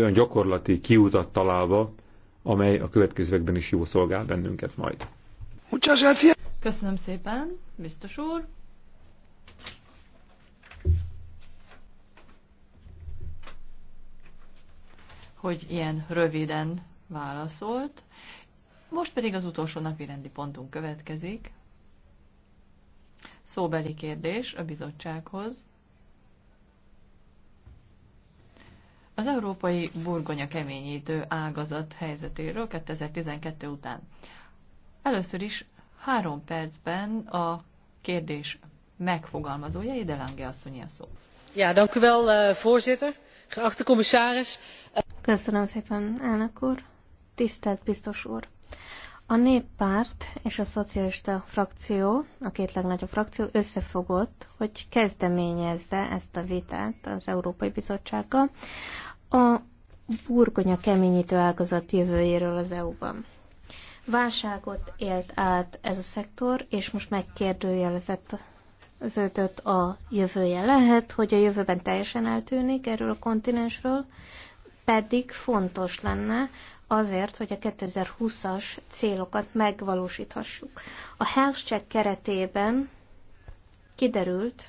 olyan gyakorlati kiutat találva, amely a következőkben is jó szolgál bennünket majd. Köszönöm szépen, biztos úr. hogy ilyen röviden válaszolt. Most pedig az utolsó napi rendi pontunk következik. Szóbeli kérdés a bizottsághoz. az európai burgonya keményítő ágazat helyzetéről 2012 után. Először is három percben a kérdés megfogalmazója, Ide Lange asszony a szó. Ja, dank u wel, eh, voorzitter. Geachte commissaris. Köszönöm szépen, elnök úr. Tisztelt biztos úr. A néppárt és a szocialista frakció, a két legnagyobb frakció összefogott, hogy kezdeményezze ezt a vitát az Európai Bizottsággal a burgonya keményítő ágazat jövőjéről az EU-ban. Válságot élt át ez a szektor, és most megkérdőjelezett az a jövője. Lehet, hogy a jövőben teljesen eltűnik erről a kontinensről, pedig fontos lenne azért, hogy a 2020-as célokat megvalósíthassuk. A health check keretében kiderült,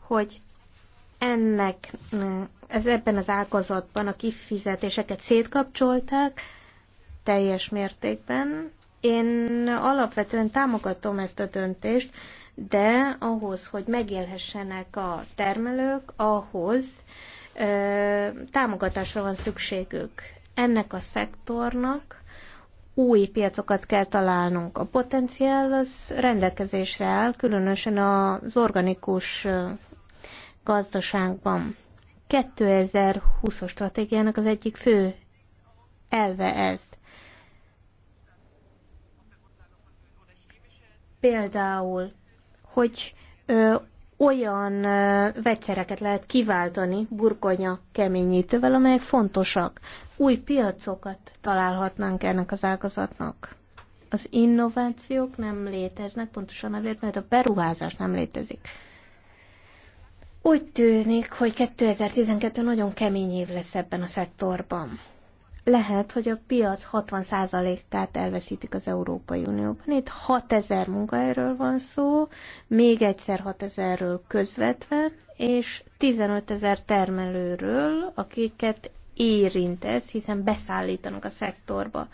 hogy ennek, ez ebben az ágazatban a kifizetéseket szétkapcsolták teljes mértékben. Én alapvetően támogatom ezt a döntést, de ahhoz, hogy megélhessenek a termelők, ahhoz támogatásra van szükségük. Ennek a szektornak új piacokat kell találnunk. A potenciál az rendelkezésre áll, különösen az organikus gazdaságban. 2020-as stratégiának az egyik fő elve ez. Például, hogy olyan vegyszereket lehet kiváltani burkonya keményítővel, amelyek fontosak. Új piacokat találhatnánk ennek az ágazatnak. Az innovációk nem léteznek, pontosan azért, mert a beruházás nem létezik. Úgy tűnik, hogy 2012 nagyon kemény év lesz ebben a szektorban lehet, hogy a piac 60%-át elveszítik az Európai Unióban. Itt 6000 munkaerről van szó, még egyszer 6000-ről közvetve, és 15000 termelőről, akiket érint ez, hiszen beszállítanak a szektorba.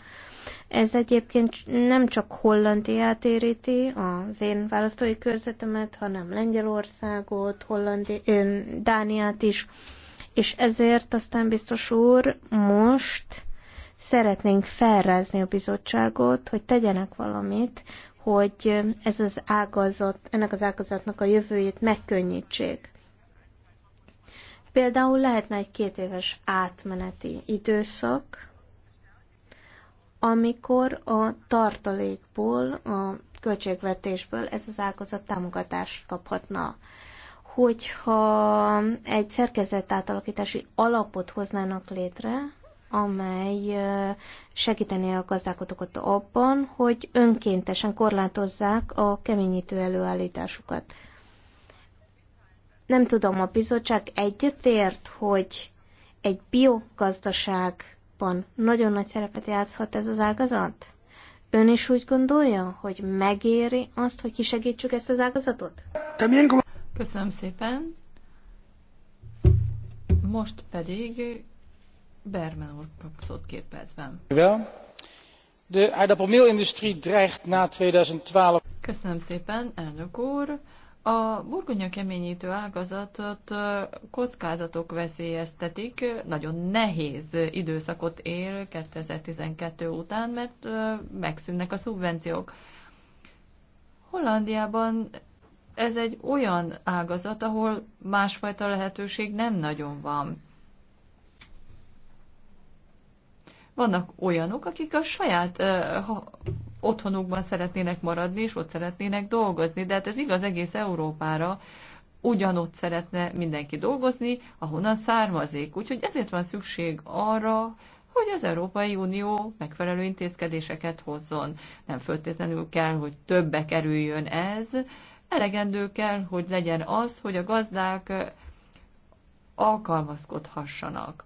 Ez egyébként nem csak Hollandiát éríti, az én választói körzetemet, hanem Lengyelországot, Hollandi- Dániát is és ezért aztán biztos úr most szeretnénk felrázni a bizottságot, hogy tegyenek valamit, hogy ez az ágazat, ennek az ágazatnak a jövőjét megkönnyítsék. Például lehetne egy két éves átmeneti időszak, amikor a tartalékból, a költségvetésből ez az ágazat támogatást kaphatna hogyha egy szerkezet átalakítási alapot hoznának létre, amely segítené a gazdálkodókat abban, hogy önkéntesen korlátozzák a keményítő előállításukat. Nem tudom, a bizottság egyetért, hogy egy biogazdaságban nagyon nagy szerepet játszhat ez az ágazat? Ön is úgy gondolja, hogy megéri azt, hogy kisegítsük ezt az ágazatot? También como... Köszönöm szépen. Most pedig Berman úr kapszott két percben. De aardappelmeelindustrie dreigt na 2012. Köszönöm szépen, elnök úr. A burgonya keményítő ágazatot kockázatok veszélyeztetik, nagyon nehéz időszakot él 2012 után, mert megszűnnek a szubvenciók. Hollandiában ez egy olyan ágazat, ahol másfajta lehetőség nem nagyon van. Vannak olyanok, akik a saját ha, otthonukban szeretnének maradni, és ott szeretnének dolgozni, de hát ez igaz egész Európára, ugyanott szeretne mindenki dolgozni, ahonnan származik. Úgyhogy ezért van szükség arra, hogy az Európai Unió megfelelő intézkedéseket hozzon. Nem föltétlenül kell, hogy többe kerüljön ez, elegendő kell, hogy legyen az, hogy a gazdák alkalmazkodhassanak.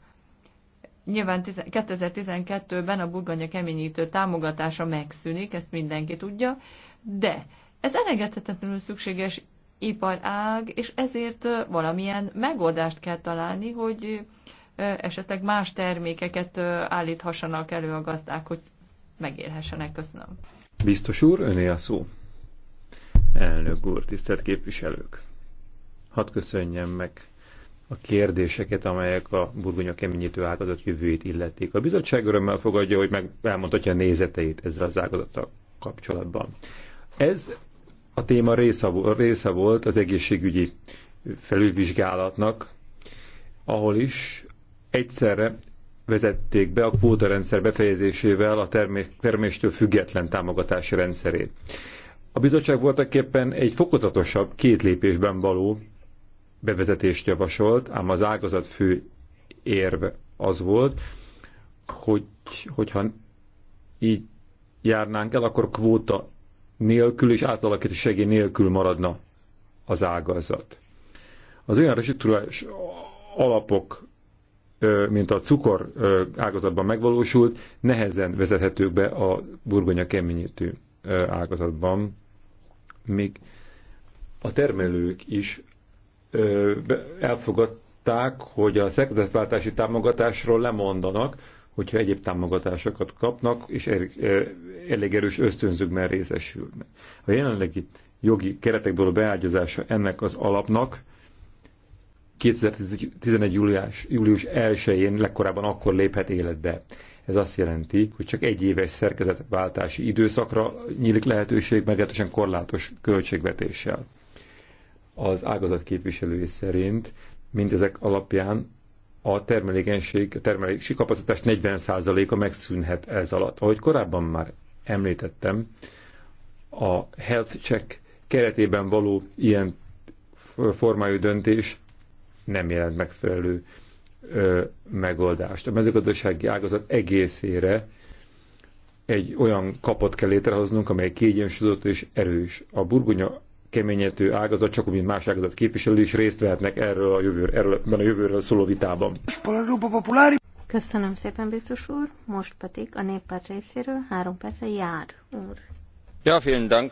Nyilván 2012-ben a burgonya keményítő támogatása megszűnik, ezt mindenki tudja, de ez elengedhetetlenül szükséges iparág, és ezért valamilyen megoldást kell találni, hogy esetleg más termékeket állíthassanak elő a gazdák, hogy megélhessenek. Köszönöm. Biztos úr, öné a szó. Elnök úr, tisztelt képviselők! Hadd köszönjem meg a kérdéseket, amelyek a burgonya keményítő átadott jövőjét illetik. A bizottság örömmel fogadja, hogy meg elmondhatja a nézeteit ezzel az ágazattal kapcsolatban. Ez a téma része, része volt az egészségügyi felülvizsgálatnak, ahol is egyszerre vezették be a rendszer befejezésével a terméstől független támogatási rendszerét. A bizottság voltaképpen egy fokozatosabb, két lépésben való bevezetést javasolt, ám az ágazat fő érve az volt, hogy, hogyha így járnánk el, akkor kvóta nélkül és átalakító segély nélkül maradna az ágazat. Az olyan restruktúrás alapok, mint a cukor ágazatban megvalósult, nehezen vezethetők be a burgonya keményítő ágazatban még a termelők is ö, elfogadták, hogy a szerkezetváltási támogatásról lemondanak, hogyha egyéb támogatásokat kapnak, és er, ö, elég erős ösztönzőkben részesülnek. A jelenlegi jogi keretekből a beágyazása ennek az alapnak 2011. július, július 1-én legkorábban akkor léphet életbe. Ez azt jelenti, hogy csak egy éves szerkezetváltási időszakra nyílik lehetőség meglehetősen korlátos költségvetéssel. Az ágazat képviselői szerint mindezek alapján a termelékenység, a termelési kapacitás 40%-a megszűnhet ez alatt. Ahogy korábban már említettem, a health check keretében való ilyen formájú döntés nem jelent megfelelő ö, megoldást. A mezőgazdasági ágazat egészére egy olyan kapot kell létrehoznunk, amely kiegyensúlyozott és erős. A burgonya keményető ágazat, csak úgy, mint más ágazat képviselő is részt vehetnek erről a jövőről, erről, a jövőről szóló vitában. Köszönöm szépen, biztos úr. Most pedig a néppárt részéről három perce jár, úr. Ja, vielen Dank.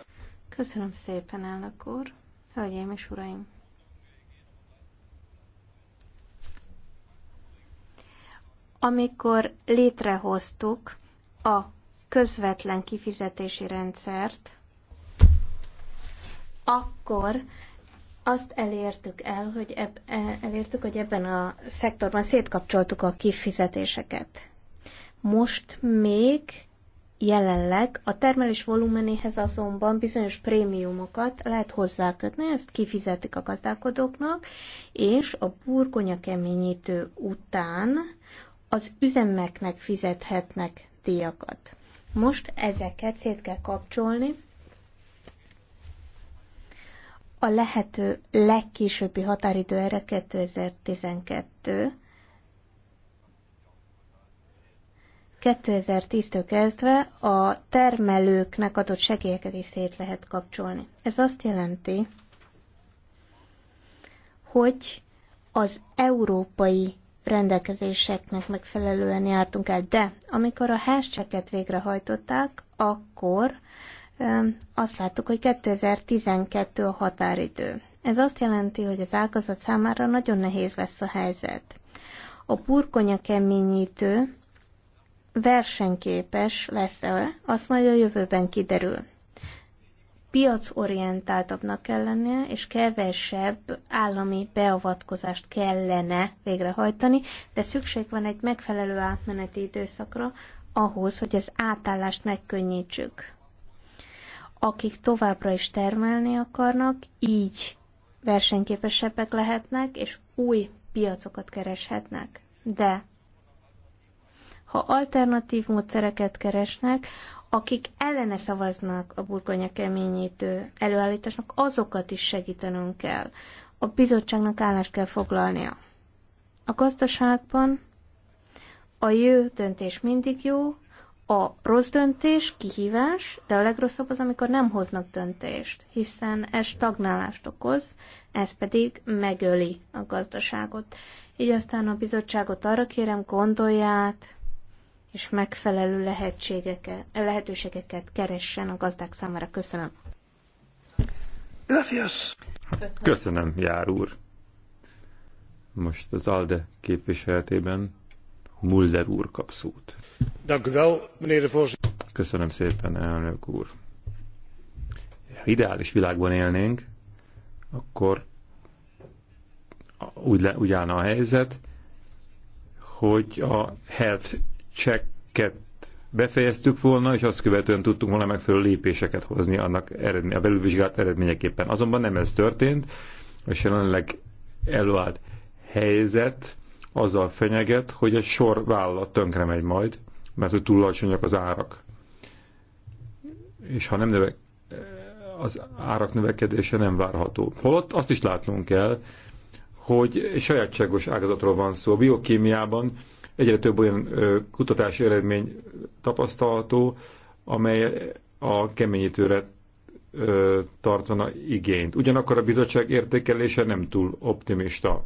Köszönöm szépen, elnök úr. Hölgyeim és uraim! Amikor létrehoztuk a közvetlen kifizetési rendszert, akkor azt elértük el, hogy eb- elértük, hogy ebben a szektorban szétkapcsoltuk a kifizetéseket. Most még jelenleg a termelés volumenéhez azonban bizonyos prémiumokat lehet hozzákötni, ezt kifizetik a gazdálkodóknak, és a burgonya keményítő után az üzemeknek fizethetnek díjakat. Most ezeket szét kell kapcsolni, a lehető legkésőbbi határidő erre 2012. 2010-től kezdve a termelőknek adott segélyeket is szét lehet kapcsolni. Ez azt jelenti, hogy az európai rendelkezéseknek megfelelően jártunk el, de amikor a hashtag-et végrehajtották, akkor azt láttuk, hogy 2012 a határidő. Ez azt jelenti, hogy az ágazat számára nagyon nehéz lesz a helyzet. A burkonya keményítő versenyképes lesz-e, azt majd a jövőben kiderül piacorientáltabbnak kell lennie, és kevesebb állami beavatkozást kellene végrehajtani, de szükség van egy megfelelő átmeneti időszakra ahhoz, hogy az átállást megkönnyítsük. Akik továbbra is termelni akarnak, így versenyképesebbek lehetnek, és új piacokat kereshetnek. De ha alternatív módszereket keresnek, akik ellene szavaznak a burgonya keményítő előállításnak, azokat is segítenünk kell. A bizottságnak állást kell foglalnia. A gazdaságban a jó döntés mindig jó, a rossz döntés kihívás, de a legrosszabb az, amikor nem hoznak döntést, hiszen ez stagnálást okoz, ez pedig megöli a gazdaságot. Így aztán a bizottságot arra kérem, gondolját, és megfelelő lehetségeket, lehetőségeket keressen a gazdák számára. Köszönöm. Gracias. Köszönöm. Köszönöm, jár úr. Most az ALDE képviseletében Mulder úr kap szót. Köszönöm szépen, elnök úr. Ha ideális világban élnénk, akkor úgy, le, úgy állna a helyzet, hogy a health checket befejeztük volna, és azt követően tudtunk volna megfelelő lépéseket hozni annak eredmény, a belülvizsgált eredményeképpen. Azonban nem ez történt, és jelenleg előállt helyzet azzal fenyeget, hogy egy sor vállalat tönkre megy majd, mert hogy túl alacsonyak az árak. És ha nem növek, az árak növekedése nem várható. Holott azt is látnunk kell, hogy sajátságos ágazatról van szó. A biokémiában Egyre több olyan kutatási eredmény tapasztalható, amely a keményítőre tartana igényt. Ugyanakkor a bizottság értékelése nem túl optimista.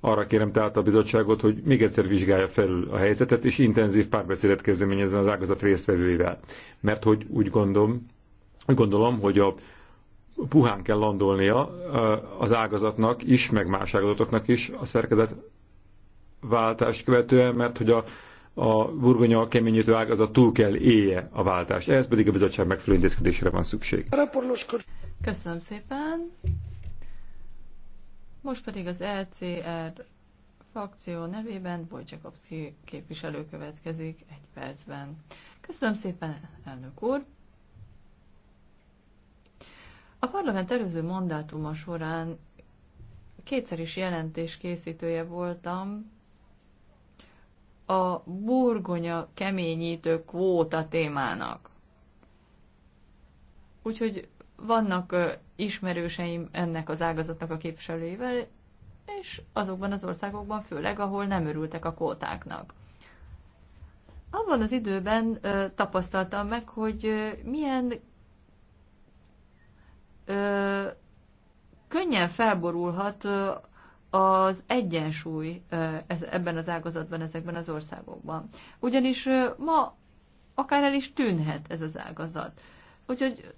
Arra kérem tehát a bizottságot, hogy még egyszer vizsgálja felül a helyzetet, és intenzív párbeszédet kezdeményezzen az ágazat részvevőivel. Mert hogy úgy gondolom, úgy gondolom, hogy a puhán kell landolnia az ágazatnak is, meg más ágazatoknak is a szerkezet váltást követően, mert hogy a, a burgonya keményítő ágazat túl kell éje a váltás. Ehhez pedig a bizottság megfelelő intézkedésre van szükség. Köszönöm szépen. Most pedig az LCR e frakció nevében Wojciechowski képviselő következik egy percben. Köszönöm szépen, elnök úr! A parlament előző mandátuma során kétszer is jelentés készítője voltam a burgonya keményítő kvóta témának. Úgyhogy vannak ismerőseim ennek az ágazatnak a képviselőivel, és azokban az országokban főleg, ahol nem örültek a kvótáknak. Abban az időben ö, tapasztaltam meg, hogy ö, milyen ö, könnyen felborulhat ö, az egyensúly ebben az ágazatban, ezekben az országokban. Ugyanis ma akár el is tűnhet ez az ágazat. Úgyhogy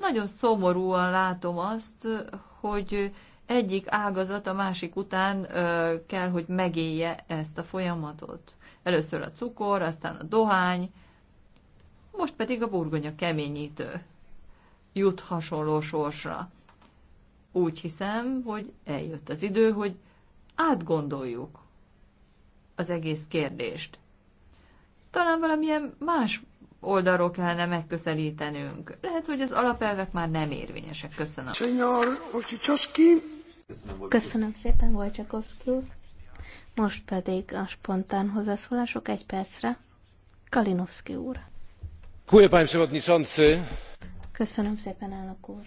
nagyon szomorúan látom azt, hogy egyik ágazat a másik után kell, hogy megélje ezt a folyamatot. Először a cukor, aztán a dohány, most pedig a burgonya keményítő jut hasonló sorsra. Úgy hiszem, hogy eljött az idő, hogy átgondoljuk az egész kérdést. Talán valamilyen más oldalról kellene megközelítenünk. Lehet, hogy az alapelvek már nem érvényesek. Köszönöm. Senyor Wojciechowski. Köszönöm szépen, Wojciechowski úr. Most pedig a spontán hozzászólások egy percre. Kalinowski úr. Köszönöm szépen, elnök úr.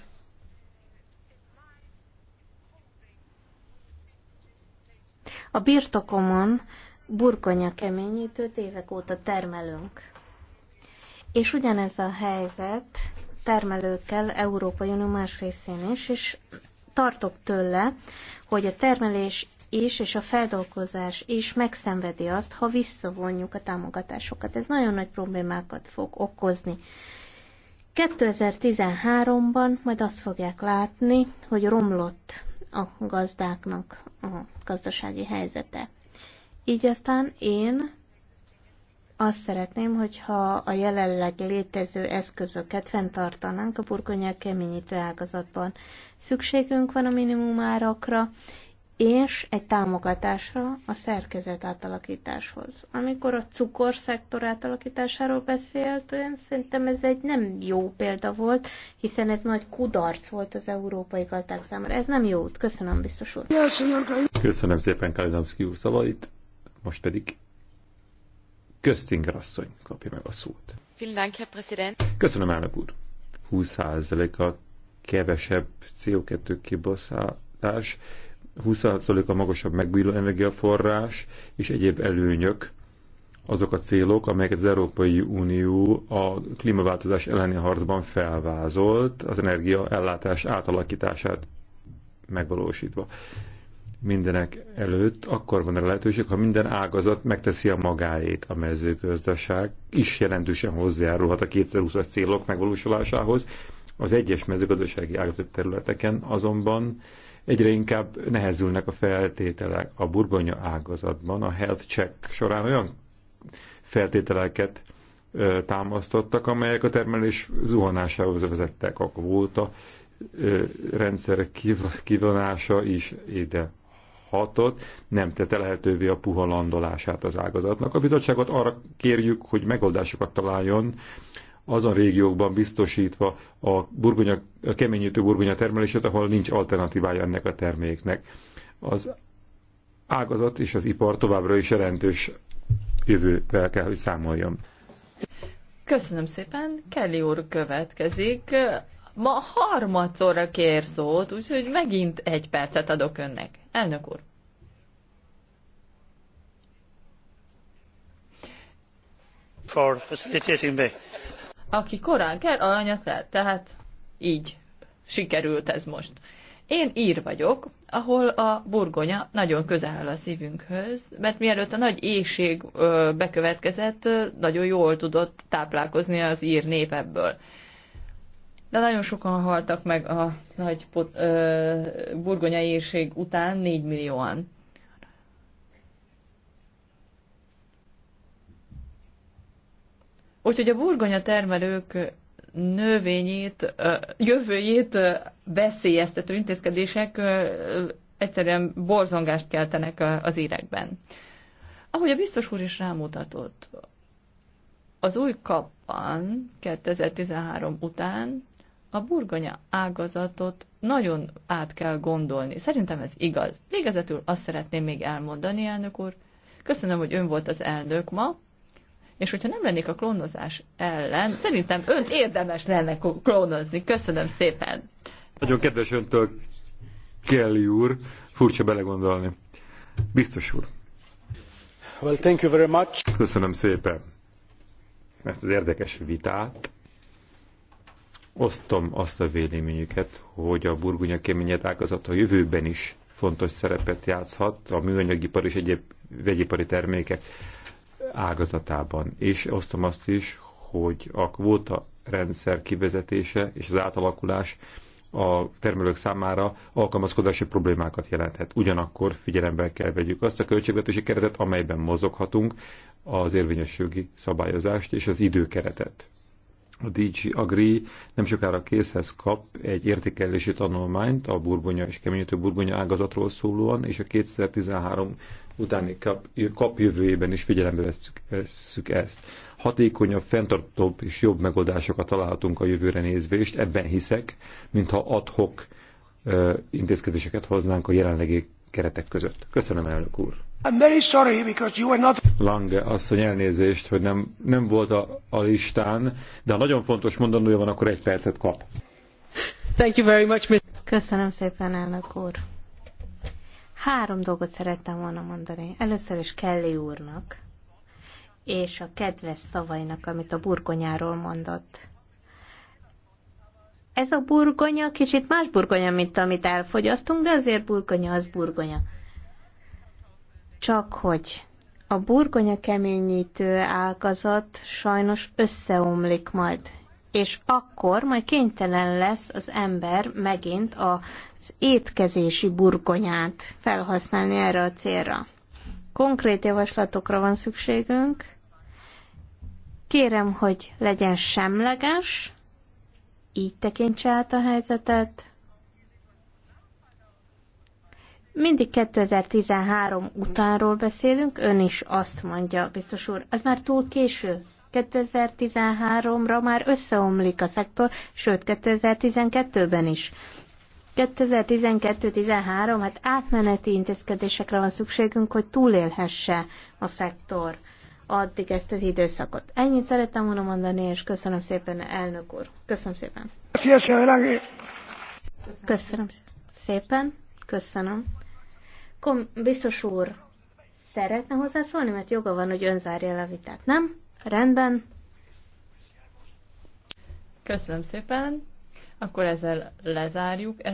A birtokomon burgonya keményítőt évek óta termelünk. És ugyanez a helyzet termelőkkel Európai Unió más részén is, és tartok tőle, hogy a termelés is, és a feldolgozás is megszenvedi azt, ha visszavonjuk a támogatásokat. Ez nagyon nagy problémákat fog okozni. 2013-ban majd azt fogják látni, hogy romlott a gazdáknak a gazdasági helyzete. Így aztán én azt szeretném, hogyha a jelenleg létező eszközöket fenntartanánk a burgonya keményítő ágazatban. Szükségünk van a minimumárakra, és egy támogatásra a szerkezet átalakításhoz. Amikor a cukorszektor átalakításáról beszélt, én szerintem ez egy nem jó példa volt, hiszen ez nagy kudarc volt az európai gazdák számára. Ez nem jó út. Köszönöm, biztos úr. Köszönöm szépen Kalinowski úr szavait, most pedig Köztinger asszony kapja meg a szót. Köszönöm, elnök úr. 20%-a kevesebb CO2 kibocsátás 20% a magasabb megújuló energiaforrás és egyéb előnyök azok a célok, amelyeket az Európai Unió a klímaváltozás elleni harcban felvázolt, az energia ellátás átalakítását megvalósítva. Mindenek előtt akkor van a lehetőség, ha minden ágazat megteszi a magáét a mezőgazdaság, is jelentősen hozzájárulhat a 2020-as célok megvalósulásához. Az egyes mezőgazdasági ágazat területeken azonban egyre inkább nehezülnek a feltételek. A burgonya ágazatban a health check során olyan feltételeket támasztottak, amelyek a termelés zuhanásához vezettek. A kvóta rendszer kivonása is ide hatott, nem tette lehetővé a puha landolását az ágazatnak. A bizottságot arra kérjük, hogy megoldásokat találjon azon régiókban biztosítva a, burgonya, a keményítő burgonya termelését, ahol nincs alternatívája ennek a terméknek. Az ágazat és az ipar továbbra is jelentős jövővel kell, hogy számoljon. Köszönöm szépen. Kelly úr következik. Ma harmadszorra kér szót, úgyhogy megint egy percet adok önnek. Elnök úr. For facilitating me aki korán kell, alanya fel. Tehát így sikerült ez most. Én ír vagyok, ahol a burgonya nagyon közel áll a szívünkhöz, mert mielőtt a nagy éjség bekövetkezett, nagyon jól tudott táplálkozni az ír nép ebből. De nagyon sokan haltak meg a nagy pot, ö, burgonya éjség után, 4 millióan. Úgyhogy a burgonya termelők növényét, jövőjét veszélyeztető intézkedések egyszerűen borzongást keltenek az írekben. Ahogy a biztos úr is rámutatott, az új kapban 2013 után a burgonya ágazatot nagyon át kell gondolni. Szerintem ez igaz. Végezetül azt szeretném még elmondani, elnök úr. Köszönöm, hogy ön volt az elnök ma, és hogyha nem lennék a klónozás ellen, szerintem önt érdemes lenne klónozni. Köszönöm szépen. Nagyon kedves öntől, Kelly úr. Furcsa belegondolni. Biztos úr. Well, thank you very much. Köszönöm szépen ezt az érdekes vitát. Osztom azt a véleményüket, hogy a burgonya keményed ágazat a jövőben is fontos szerepet játszhat, a műanyagipar és egyéb vegyipari termékek ágazatában. És osztom azt is, hogy a kvóta rendszer kivezetése és az átalakulás a termelők számára alkalmazkodási problémákat jelenthet. Ugyanakkor figyelembe kell vegyük azt a költségvetési keretet, amelyben mozoghatunk, az érvényes jogi szabályozást és az időkeretet a DG Agri nem sokára készhez kap egy értékelési tanulmányt a burgonya és keményítő burgonya ágazatról szólóan, és a 2013 utáni kap, kap jövőjében is figyelembe vesszük ezt. Hatékonyabb, fenntartóbb és jobb megoldásokat találhatunk a jövőre nézvést, ebben hiszek, mintha adhok intézkedéseket hoznánk a jelenlegi keretek között. Köszönöm, elnök úr. I'm very sorry because you were not... Lange asszony elnézést, hogy nem, nem volt a, a listán, de ha nagyon fontos mondanója van, akkor egy percet kap. Thank you very much, Mr. Köszönöm szépen, elnök úr. Három dolgot szerettem volna mondani. Először is Kelly úrnak, és a kedves szavainak, amit a burgonyáról mondott ez a burgonya kicsit más burgonya, mint amit elfogyasztunk, de azért burgonya az burgonya. Csak hogy a burgonya keményítő ágazat sajnos összeomlik majd, és akkor majd kénytelen lesz az ember megint az étkezési burgonyát felhasználni erre a célra. Konkrét javaslatokra van szükségünk. Kérem, hogy legyen semleges, így tekintse át a helyzetet. Mindig 2013 utánról beszélünk, ön is azt mondja, biztos úr, az már túl késő. 2013-ra már összeomlik a szektor, sőt 2012-ben is. 2012-13, hát átmeneti intézkedésekre van szükségünk, hogy túlélhesse a szektor addig ezt az időszakot. Ennyit szerettem volna mondani, és köszönöm szépen, elnök úr. Köszönöm szépen. Köszönöm szépen. Köszönöm. Kom, biztos úr, szeretne hozzászólni, mert joga van, hogy önzárja el a vitát, nem? Rendben. Köszönöm szépen. Akkor ezzel lezárjuk ezt.